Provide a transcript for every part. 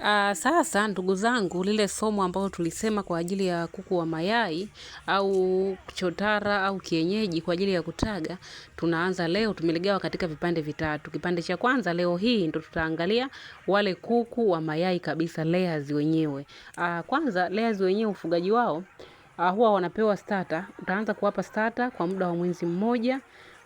Uh, sasa ndugu zangu, lile somo ambalo tulisema kwa ajili ya kuku wa mayai au chotara au kienyeji kwa ajili ya kutaga, tunaanza leo. Tumeligawa katika vipande vitatu. Kipande cha kwanza leo hii ndo tutaangalia wale kuku wa mayai kabisa, layers wenyewe. Uh, kwanza layers wenyewe ufugaji wao uh, huwa wanapewa starter. Utaanza kuwapa starter kwa muda wa mwezi mmoja.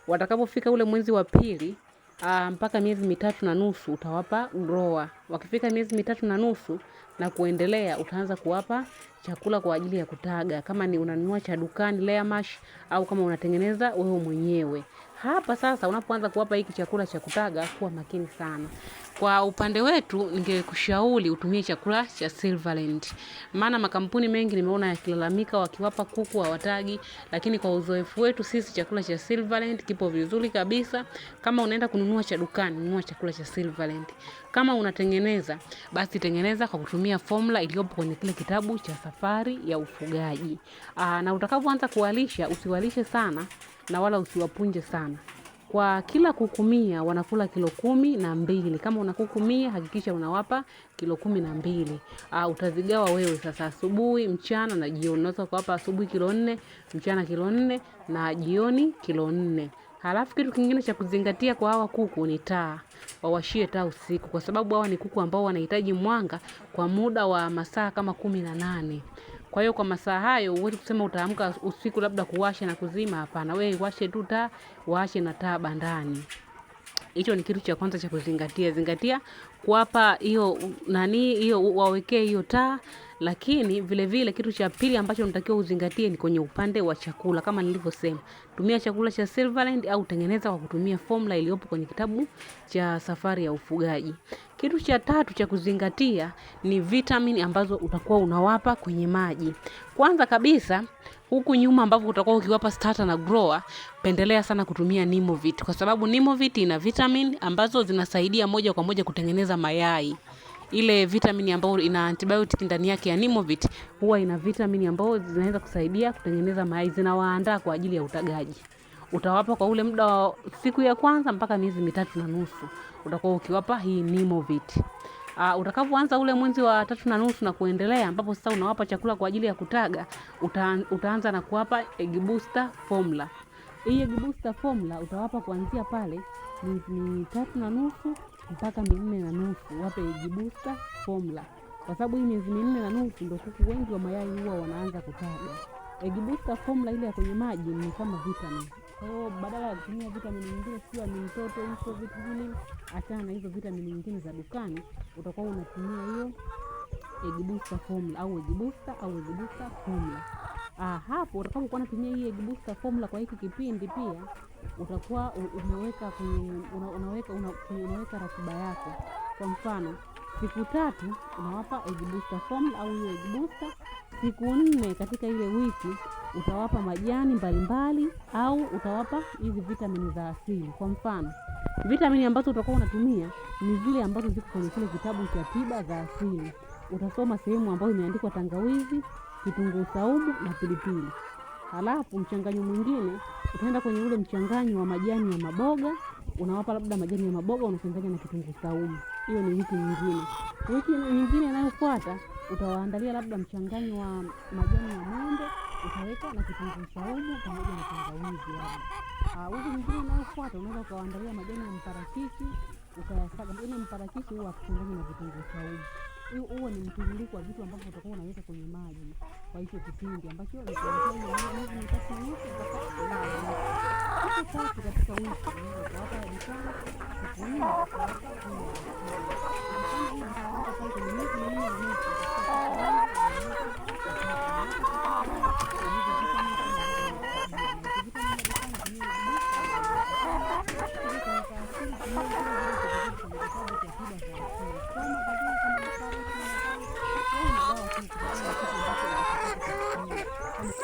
Watakapofika ule mwezi wa pili aa, ah, mpaka miezi mitatu na nusu utawapa grower. Wakifika miezi mitatu na nusu na kuendelea, utaanza kuwapa chakula kwa ajili ya kutaga, kama ni unanunua cha dukani layer mash, au kama unatengeneza wewe mwenyewe. Hapa sasa unapoanza kuwapa hiki chakula cha kutaga, kuwa makini sana. Kwa upande wetu, ningekushauri utumie chakula cha Silverland, maana makampuni mengi nimeona yakilalamika, wakiwapa kuku hawatagi, lakini kwa uzoefu wetu sisi chakula cha Silverland kipo vizuri kabisa. Kama unaenda kununua cha dukani, nunua chakula cha Silverland. Kama unatengeneza, basi tengeneza kwa kutumia formula iliyopo kwenye kile kitabu cha safari ya ufugaji. Aa, na utakapoanza kuwalisha, usiwalishe sana na wala usiwapunje sana. Kwa kila kuku mia wanakula kilo kumi na mbili. Kama una kuku mia hakikisha unawapa kilo kumi na mbili. Uh, utazigawa wewe sasa, asubuhi, mchana na jioni. Unaweza kuwapa asubuhi kilo nne, mchana kilo nne na jioni kilo nne. Halafu kitu kingine cha kuzingatia kwa hawa kuku ni taa. Wawashie taa usiku, kwa sababu hawa ni kuku ambao wanahitaji mwanga kwa muda wa masaa kama kumi na nane. Kwa hiyo kwa masaa hayo huwezi kusema utaamka usiku labda kuwasha na kuzima, hapana. Wewe washe tu taa, washe na taa bandani. Hicho ni kitu cha kwanza cha kuzingatia. Zingatia kuwapa hiyo nani hiyo, wawekee hiyo taa. Lakini vile vile kitu cha pili ambacho unatakiwa uzingatie ni kwenye upande wa chakula. Kama nilivyosema, tumia chakula cha Silverland au tengeneza kwa kutumia formula iliyopo kwenye kitabu cha Safari ya Ufugaji. Kitu cha tatu cha kuzingatia ni vitamini ambazo utakuwa unawapa kwenye maji. Kwanza kabisa huku nyuma ambapo utakuwa ukiwapa starter na grower, pendelea sana kutumia Nimovit kwa sababu Nimovit ina vitamin ambazo zinasaidia moja kwa moja kutengeneza mayai. Ile vitamin ambayo ina antibiotic ndani yake ya Nimovit huwa ina vitamin ambazo zinaweza kusaidia kutengeneza mayai, zinawaandaa kwa ajili ya utagaji. Utawapa kwa ule muda wa siku ya kwanza mpaka miezi mitatu na nusu, utakuwa ukiwapa hii Nimovit. Uh, utakapoanza ule mwezi wa tatu na nusu na kuendelea, ambapo sasa unawapa chakula kwa ajili ya kutaga, uta, utaanza na kuwapa egg booster formula. Hii egg booster formula utawapa kuanzia pale miezi tatu na nusu mpaka minne na nusu, wape egg booster formula kwa sababu hii miezi minne na nusu ndio kuku wengi wa mayai huwa wanaanza kutaga. Egg booster formula ile ya kwenye maji ni kama vitamin kwa hiyo badala ya kutumia vitamini nyingine, sio ni mtoto hizo vitu vile, achana na hizo vitamini nyingine za dukani, utakuwa unatumia hiyo egg booster formula au egg booster au egg booster formula. Ah, hapo utakapokuwa unatumia hii egg booster formula kwa hiki kipindi pia utakuwa umeweka kwenye una, unaweka una, unaweka ratiba yako. Kwa mfano siku tatu unawapa egg booster formula au hiyo egg booster, siku nne katika ile wiki utawapa majani mbalimbali mbali, au utawapa hizi vitamini za asili. Kwa mfano vitamini ambazo utakuwa unatumia ni zile ambazo ziko kwenye kile kitabu cha tiba za asili. Utasoma sehemu ambayo imeandikwa tangawizi, kitunguu saumu na pilipili. Halafu mchanganyo mwingine utaenda kwenye ule mchanganyo wa majani ya maboga, unawapa labda majani ya maboga unachanganya na kitunguu saumu. Hiyo ni wiki nyingine. Wiki nyingine inayofuata utawaandalia labda mchanganyo wa majani ya mwembe utaweka na kitunguu saumu pamoja na tangawizi hapo. Wiki nyingine ah, unayofuata unaweza ukawaandalia majani ya mparachichi ukayasaga. Majani ya mparachichi huwa hakuchanganywi na vitunguu saumu, huo ni mtiririko wa vitu ambavyo utakuwa unaweka kwenye maji kwa hicho kipindi ambacho tatu katika wiki ukawapa dukani Aa,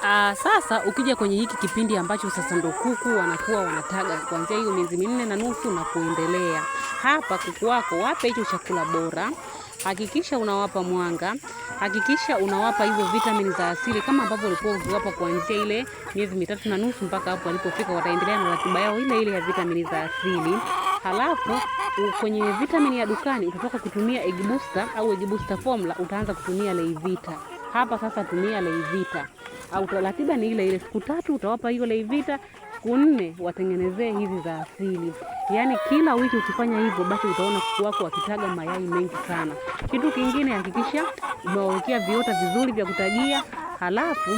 ah, sasa ukija kwenye hiki kipindi ambacho sasa ndo kuku wanakuwa wanataga kuanzia hiyo miezi minne na nusu na kuendelea, hapa kuku wako wape hicho chakula bora hakikisha unawapa mwanga, hakikisha unawapa hizo vitamini za asili kama ambavyo ulikuwa ukiwapa kuanzia ile miezi mitatu na nusu mpaka hapo walipofika. Wataendelea na ratiba yao ile ile ya vitamini za asili. Halafu kwenye vitamini ya dukani utatoka kutumia egg booster au egg booster formula, utaanza kutumia leivita Hapa sasa tumia leivita au ratiba ni ile ile. Siku tatu utawapa hiyo Levita, siku nne watengenezee hizi za asili. Yaani kila wiki ukifanya hivyo, basi utaona kuku wako wakitaga mayai mengi sana. Kitu kingine, hakikisha umewawekea viota vizuri vya kutagia, halafu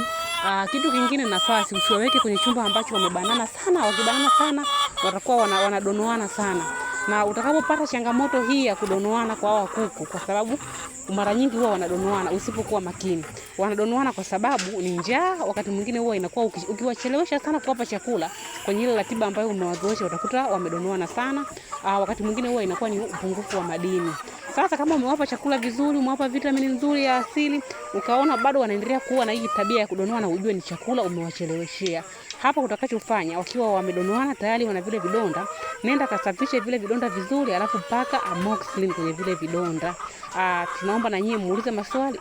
Aa, ah, kitu kingine nafasi usiwaweke kwenye chumba ambacho wamebanana sana. Wakibanana sana watakuwa wanadonoana sana na utakapopata changamoto hii ya kudonoana kwa hawa kuku, kwa sababu mara nyingi huwa wanadonoana usipokuwa makini. Wanadonoana kwa sababu ni njaa, wakati mwingine huwa inakuwa ukiwachelewesha sana kuwapa chakula kwenye ile ratiba ambayo umewazoesha, utakuta wamedonoana sana. Aa, ah, wakati mwingine huwa inakuwa ni upungufu wa madini. Sasa kama umewapa chakula vizuri, umewapa vitamini nzuri ya asili, ukaona bado wanaendelea kuwa na hii tabia ya kudonoana, ujue ni chakula umewacheleweshea. Hapa utakachofanya, wakiwa wamedonoana tayari wana vile vidonda, nenda kasafishe vile vidonda vizuri, alafu paka amoxicillin kwenye vile vidonda. Ah, tunaomba na nyie muulize maswali.